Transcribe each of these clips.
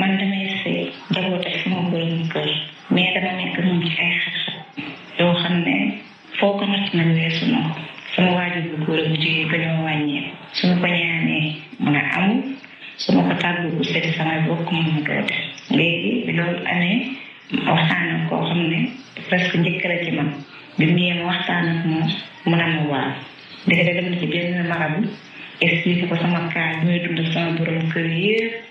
man damay sëy jaboot ak sama borom kër mais dama nekk moom ci ay xar-xar yoo xam ne foo ko natt na weesu na sama waajur bu góor bu jigéen dañoo wàññee su ma ko ñaanee mun a amul su ma ko tàggu bu seet samay bokk mun na koo léegi bi loolu amee waxtaan koo xam ne presque njëkk la ci bi mu yem waxtaan moom mun a ma waaw ndeke da dem na ci benn marabu expliqué ko sama kaay bi may sama borom kër yëpp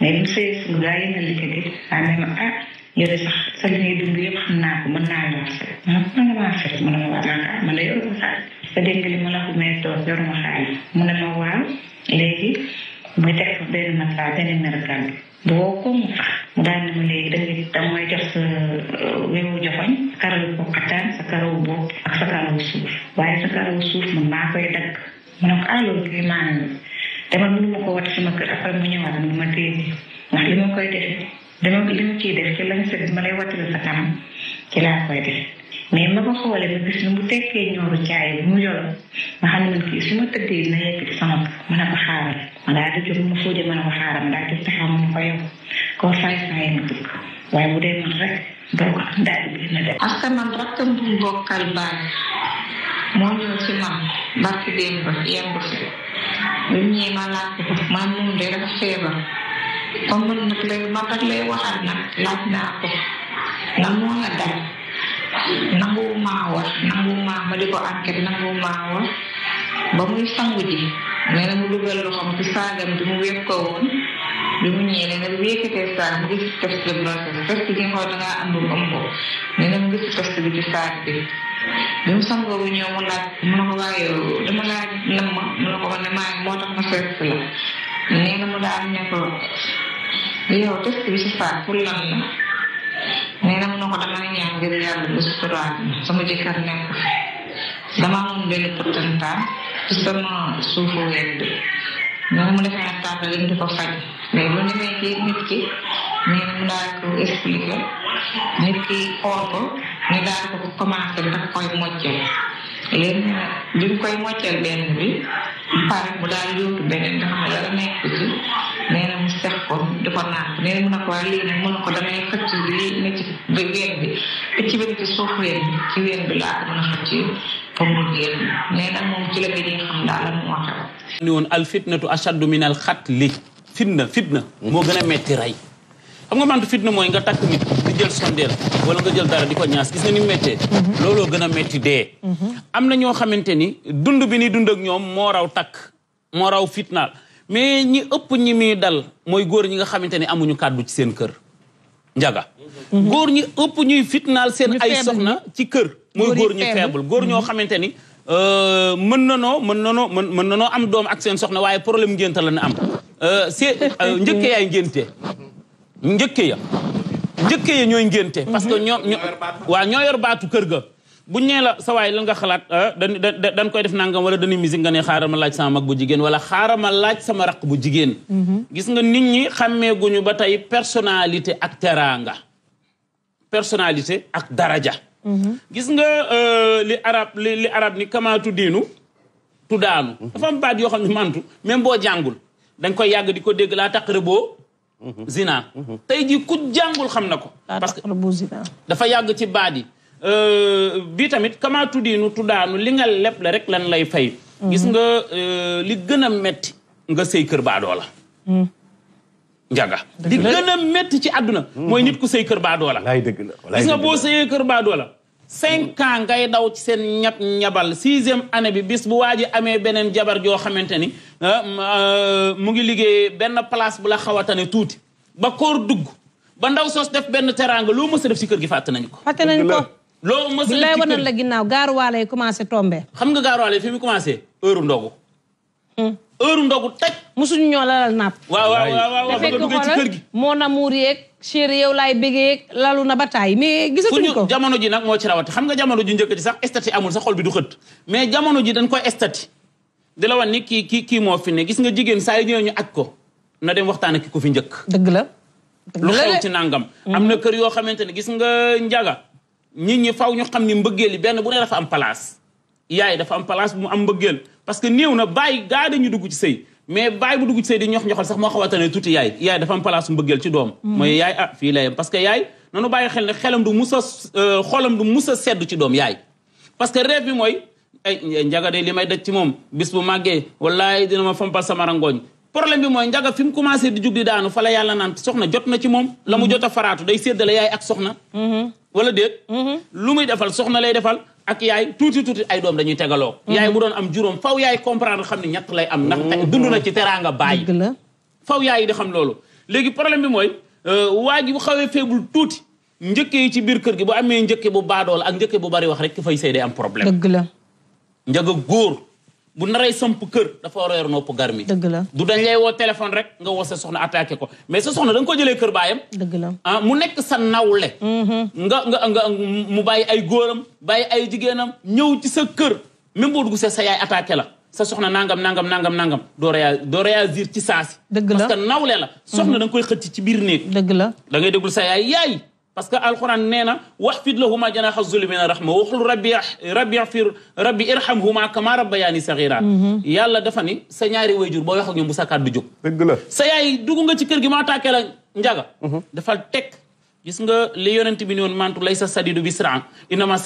mais ah, bi mu sëyee suñu gaa yi de ah sax sax li ngay dund yëpp xam naa ko mën naa la wax man man damaa fekk man dama ma la mu ma léegi muy teg benn matelas benn mergan bi bu wow ko sax mu ne ma léegi da ngay da mooy jox sa euh, wewu joxoñ karawu ko xataan sa karawu bopp suuf waaye sa suuf man koy dagg mu ne ko ah loolu dama mënu ma ko wat sama kër après mu ñëwaat mu ma téye ndax li koy defee dama li ma sa kanam ci laa koy def mais ma ko xoolee ba gis ne bu tekkee ñooru caay bi mu yolo ma xam ne kii su ma a ko xaaral ma daa di jóg ma fooje xaaral ma daa di taxaw ma ko yow koo fay fay ma dugg waaye bu dee man rek doo ko am daal di a def. parce que man rakkam bu mbokkal baag moo ñëw si man barki démb yemb si. dunia mala mamu de rek feba amul nak lay ma tak nak laaj na ko nangu nga dal nangu ma wax nangu ma ma di ko enquête nangu ma wax ba kamu sangu ji nee na mu dugal loxom ci saagam gis même sango bu mulat mu nag mu ne ko waaye dama laa nam ma mu ne ko ne maa moo tax ma seet si la nee na mu daal ne ko yow test bi si faat pour lan la nee na mu ne ko dama ñaan ngir yàlla bu suturaat sama jëkkër nekk dama amoon benn na ko faj mais bu na ñu daal ko commencé koy mocceel léegi nag bi daal na mu sex ko di ko naan nee na ci wéen bi xëcc bi a xëcc pour mu génn na moom ci la gëjee xam daal la moo al fitnatu ashaddu min xatli fitna moo gën a metti xam nga mantu fitna mooy nga takk nit di jël sondeel wala nga jël dara di ko ñaas gis nga ni méttee mhm. looloo gën a métti dee mhm. am na ñoo xamante ni dund bi ni dund ak ñoom moo raw takk moo raw fitnaal mais ñi ëpp ñi muy dal mooy góor ñi nga xamante ni amuñu kàddu ci seen kër njaga mhm. góor ñi ëpp ñuy fitnaal seen ay soxna ci kër mooy góor ñi faible góor ñoo xamante ni euh, mën na noo mën na noo mën na noo am doom ak seen soxna waaye problème ngénte la na am euh, c'est euh, njëkkee yaay ngénte njëkke ya njëkke ya ñooy ngénte parce que ñoom wa ñoo yor baatu kër ga bu ñé la sa way la nga xalaat ah, dañ dañ koy def nangam wala dañuy misi nga ne xaarama laaj sama mag bu jigen wala xaarama laaj sama raq bu jigen mm-hmm. gis nga nit ñi guñu ba tay personnalité ak teranga personnalité ak daraja mm-hmm. gis nga euh, li arab li arab ni kamaatu diinu tuddaanu dafa am baat yo xamni mantu même bo jangul dañ koy yag di ko dégg la taqribo Mm-hmm. zina mm-hmm. tey jii ku jàngul xam na ko ah, parce que dafa yàgg ci baat yi euh, bi tamit kama tuddiinu tuddaanu li nga leb la rek lan lay fay mm-hmm. gis nga euh, li gën a metti nga sëy kër baadoo la mm. njaga li gën a metti ci àdduna mooy nit ku sëy kër baadoo la gis nga boo sëyee kër baadoo 5 ans ngay daw ci seen ñat ñabal 6e année bi bis bu waji amé benen jabar jo xamanteni euh mu ngi liggéey benn place bu la xawatané a tuuti ba koor dugg ba ndaw sos def benn teraanga lu mës a def ci kër gi faté nañ ko. faté nañ ko lo mës a lay wonal la ginnaw garu yi commencé tomber xam nga garu yi fi mi commencé heure ndogu. heure ndogu taj musuñu ñoo wa wa waaw waaw waaw waaw fekk xoolal moo namuur yeeg chéri yow laay bégee lalu na bataay mais gisatu ñu ko jamono ji nak mo ci rawati xam nga jamono ji njëkkati sax estati amul sax xol bi du xëtt mais jamono ji dañ koy estati di la wan ni ki kii kii moo fi ne gis nga jigen say yi ñëw ñu ak ko na dem waxtaan ak ko fi ñëk deug la lu xew ci nangam mm-hmm. amna na kër yoo xamante gis nga njaga nit ñi faaw ñu xamni ni mbëggeel yi benn bu ne dafa am place yaay dafa am place bu mu am mbëggeel parce que néew na bàyyi gaa dañu dugg ci sëy mais bàyyi bu dugg ci sëy di ñox ñoxal sax moo xaw a tane tuuti yaay yaay dafa am place mbëggeel ci doom mhm. mooy yaay ah fii layam parce que yaay nanu bàyyi xel ne xelam du mus a euh, xolam du ci doom yaay parce que rêve bi mooy ay njaga de li may daj ci moom bis bu màggee wallaay dina ma fompal sama rangooñ problème bi mooy njaga fi mu commencé di jug di daanu fa la yàlla naan soxna jot na ci moom la mu mhm. jot a faraatu day séddale yaay ak soxna mhm. wala déet lu muy defal soxna lay defal ak yaay tuuti tuuti ay doom dañuy tegaloo mm-hmm. yaay bu doon am juróom faw yaay comprendre xam ne ñett lay am ndax mm-hmm. dund na ci teraanga bàyyi faw yaay di xam loolu léegi problème bi mooy euh, waa ji bu xawee faible tuuti njëkke yi ci biir kër gi bu amee njëkke bu baadool ak njëkke bu bari wax rek fay sey day am problème dëgg la njëg a góor bu naray samp kër dafa war a yor nopp gar mi dëgg la du dañ lay woo téléphone rek nga woo sa soxna attaqué ko mais sa soxna da ko jëlee kër baayam dëgg la ah mu nekk sa nawle mm-hmm. nga nga nga mu bàyyi ay góoram bàyyi ay jigéenam ñëw ci sa kër même boo dugg sa yaay attaqué la sa soxna nangam nangam nangam nangam doo réa doo ci saasi dëgg la parce la soxna mm-hmm. da koy xëcc ci biir néeg dëgg la da déglu sa yaay yaay parce que alquran nee na waxfid lahuma janaxa zulli mina rahma waxul rabbi ah, rabbi fir rabbi irhamhuma kama rabbayaani saxira yàlla dafa ni sa ñaari wayjur boo wax ak ñoom bu sa sa yaay dugg ci kër gi maa tàkkee njaga mhm. dafa teg gis nga li yonent bi ne woon mantu lay sa sadidu bi sran innama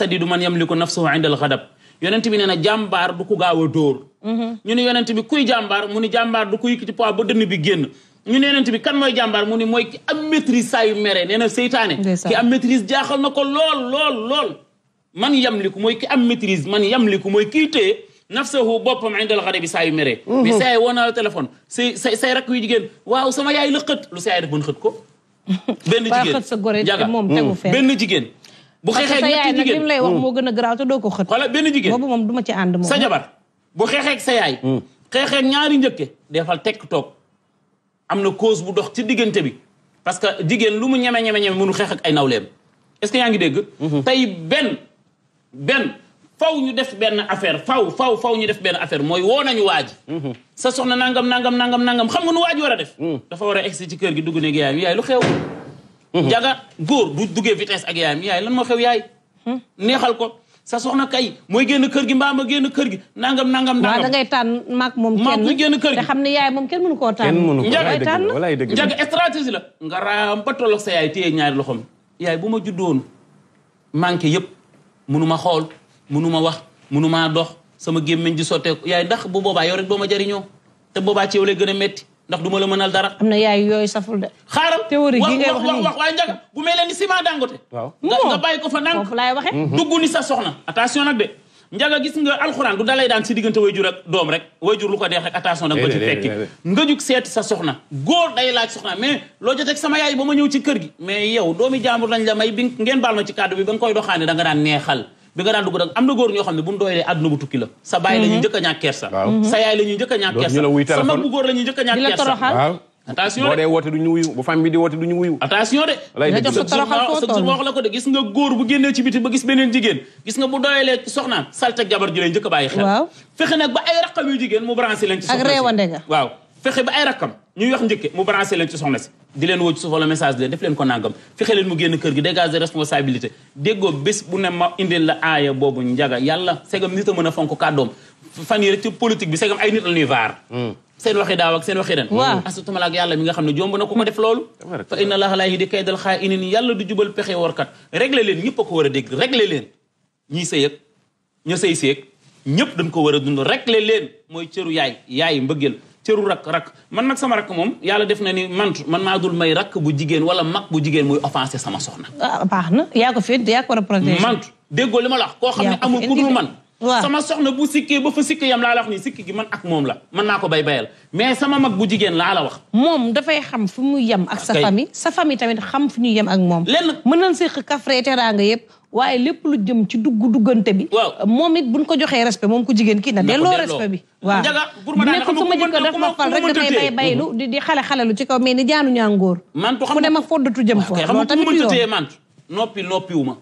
na jàmbaar du ku gaaw a dóor mhm. ñu kuy jàmbaar mu ni jàmbaar du ku yëkkati poids dënn bi génn ñu neenent bi kan moy jambar mu ni moy ki am maîtrise sa yu mere nee na ki am maîtrise jaaxal nako lol lol lol man yamliku moy ki am maîtrise man yamliku moy ki té nafsahu bopam inda al bi sa yu mere bi saa yi woo téléphone say say say rakk yu jigen waaw sama yaay le xët lu sa yaay def ban xët ko benn jigéen jaga benn jigéen bu xeexee ñetti jigen lim lay wax mo gëna graw te do ko xët wala ben jigen bobu mom duma ci ànd moom sa jabar bu xexé ak sa yaay xeexee ñaari ñëkke defal tek tok am na cause bu dox ci diggante bi parce que jigéen lu mu ñeme ñeme ñeme mënu xeex ak ay nawleem est-ce que yaa ngi dégg. Mhm. tey benn benn faw ñu def benn affaire faw faw faw ñu def benn affaire mooy woo nañu waaj. Mhm. sa soxna nangam nangam nangam nangam xam nga nu waaj war a def. Mhm. dafa war a egsi ci kër gi dugg néeg yaayam yaay lu xew. jaga góor bu duggee vitesse ak yaayam yaay lan moo xew yaay. Hmm? neexal ko. sa soxna kay mooy génn kër gi mbaam a génn kër gi nangam nangam. nangam waaw da ngay tànn maag moom kenn maag génn kër gi xam ne yaay moom kenn mënu koo tànn. kenn mënu koo tànn walaay dëgg la njàng stratégie la. nga raam ba tolloog sa yaay téye ñaari loxoom yaay bu ma juddoon manqué yëpp mënu ma xool mënu ma wax mënu maa dox sama gémmiñ di sotteeku yaay ndax bu boobaa yow rek doo ma jariñoo te boobaa ci yow lay gën a metti ndax duma la mënal dara. am na yaay yooyu saful de. xaaral théorie gi ngay wax nii wax wax waaye njaga bu mel ni ciment dangote. waaw nga bàyyi ko fa nank foofu laay waxee. Mhm. dugg ni sa soxna attention nag de. njaga gis nga alxuraan du dalay daan si diggante wayjur ak doom rek wayjur lu ko deex rek attention da nga ko ci fekki nga jug seeti sa soxna góor day laaj soxna mais loo jotee ak sama yaay ba ma ñëw ci kër gi mais yow doomi jaambur lañ la may bi ngeen baal ci kàddu bi ba nga koy doxaane da daan neexal bi nga daan dugg nag am na góor ñoo xam ne bu ñu dooylee àdduna bu tukki la sa baay la ñuy njëkk a kersa sa yaay la njëkk a ñàkk kersa sa mag bu la a ko de gis nga góor bu génnee ci biti ba gis beneen jigéen. gis nga bu doyalee soxnaan salte jabar ji lay njëkk a bàyyi xel. waaw fexe nag ba ay rakam yu jigéen mu branché leen. ci soxna si ak réewande nga. waaw fexe ba ay rakam si. di leen woo ci suuf message di leen def leen ko nangam fexe leen mu génn kër gi dégage de responsabilité déggoo bés bu ne ma indil la aaya boobu njaga yàlla segam nit a mën a fonk kàddoom fan yi rek ci politique bi segam ay nit la ñuy vaar seen waxi daaw ak seen waxi ren waaw asutuma laak yàlla mi nga xamne ne jomb na ko def loolu fa inna allaha la yahdi kaydal kha'inin yàlla du jubal pexe wor kat régler leen ñëpp ko wara a dégg réglé leen ñi sëy ak ña sëy seeg ñëpp dañ ko wara a dund réglé leen moy cëru yaay yaay mbeugel cëru rakk rakk man nag sama rakk moom yàlla def na ni man man maa dul may rakk bu jigéen wala mag bu jigéen muy offensé sama soxna. ah baax na yaa ko fi yaa ko war a protéger. man déggoo li ma la wax koo xam ne amul ku dul man. waaw sama soxna bu sikkee ba fa sikk yam laa la wax nii sikk gi man ak moom la man naa ko bay bayal mais sama mag bu jigéen laa la wax moom dafay xam fu muy yem ak sa famille sa famille tamit xam fu ñu yem ak moom lenn mën nañ séq kafre teraanga yëpp waaye lépp lu jëm ci dugg duggante bi waaw moom it buñ ko joxee respect moom ku jigéen kii na delloo respect bi waaw nekkul sama jëkkër a ma fal rek dafay bay baylu di xale xalelu ci kaw mais ni jaanu ñaa ngóor mantu xam ku dem ak foddatu jëm ko loolu tamit mantu noppi noppiwu ma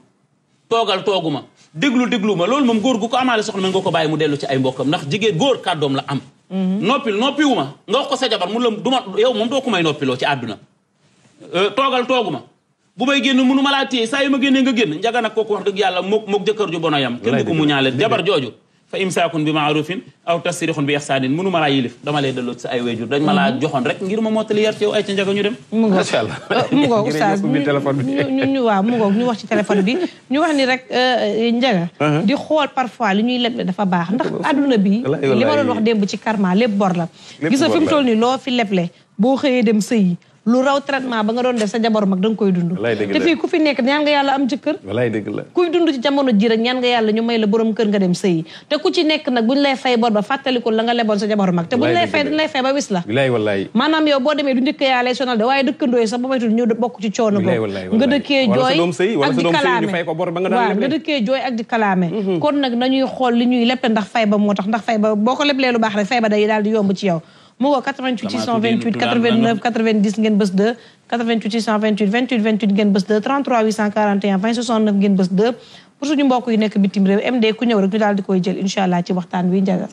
toogal toogu ma déglu déglu ma loolu moom góor gu ko amaale soxna mën nga ko baay mu dellu ci ay mbokkam ndax jigéen góor kàddoom la am mhm. noppil noppiwu ma nga wax ko sa jabar mu la duma yow moom doo ko may noppiloo ci àdduna euh, toogal toogu ma bu may génn mënu ma laa téye saa yi ma génnee nga génn njaga nag kook wax dëgg yàlla mook mook jëkkër ju bon a yam kenn du ko mu ñaale jabar jooju فإمساك بمعروف أو تسريح بإحسان منو ما لا يلف دوما لي دلوت ساي ويجور داج ما لا جوخون رك غير ما موت ليار تيو اي تي نجاكو نيدم ما شاء الله موكو استاذ ني ني ني وا موكو ني واخ سي تليفون بي ني واخ ني رك نجاغا دي خول بارفوا لي ني لك دافا باخ ندخ ادونا بي لي ما دون واخ ديمب سي كارما لي بور لا غيسو فيم تولني لو في لبلي بو خيه ديم سي lu raw traitement ba nga doon def sa jabar mag da nga koy dund te fii ku fi nekk ñaan nga yàlla am jëkkër kuy dund ci jamono ji rek ñaan nga yàlla ñu may la borom kër nga dem sëyi te ku ci nekk nag buñu lay fay bor la nga leboon sa jabar mag te buñu lay maanaam yow boo demee du njëkk yaa lay sonal waaye dëkkandoo yi sax ba maytul ñu bokk ci coono boobu nga dëkkee jooy ak di kalaame waaw nga dëkkee kon nag na ñuy xool li ñuy lepp ndax fay ba moo tax ndax fay ba boo ko lepp lee lu baax rek fay ba day daal di yomb ci yow mu woo 88 628 89 90 ngeen bës 2 88 628 28 28 ngeen bës 2 33 841 20 69 ngeen 2 pour suñu mbokk nekk bitim MD ku ñëw rek ñu daal di koy jël allah ci waxtaan wi njaga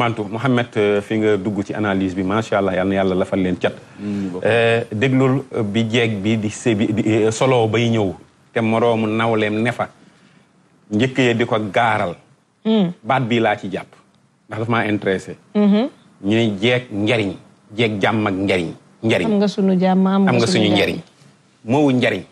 Mantu Mouhamed euh, fi nga dugg ci analyse bi allah yal na yàlla lafal leen cat mm, euh, déglul euh, bi jeeg bi di solo bay ñëw nefa njëkk ya di ko gaaral mm. baat bii ci ndax ñu ne jeeg njariñ jeeg jàmm ak njariñ njariñ am nga suñu jàmm am nga suñu njariñ moowu njariñ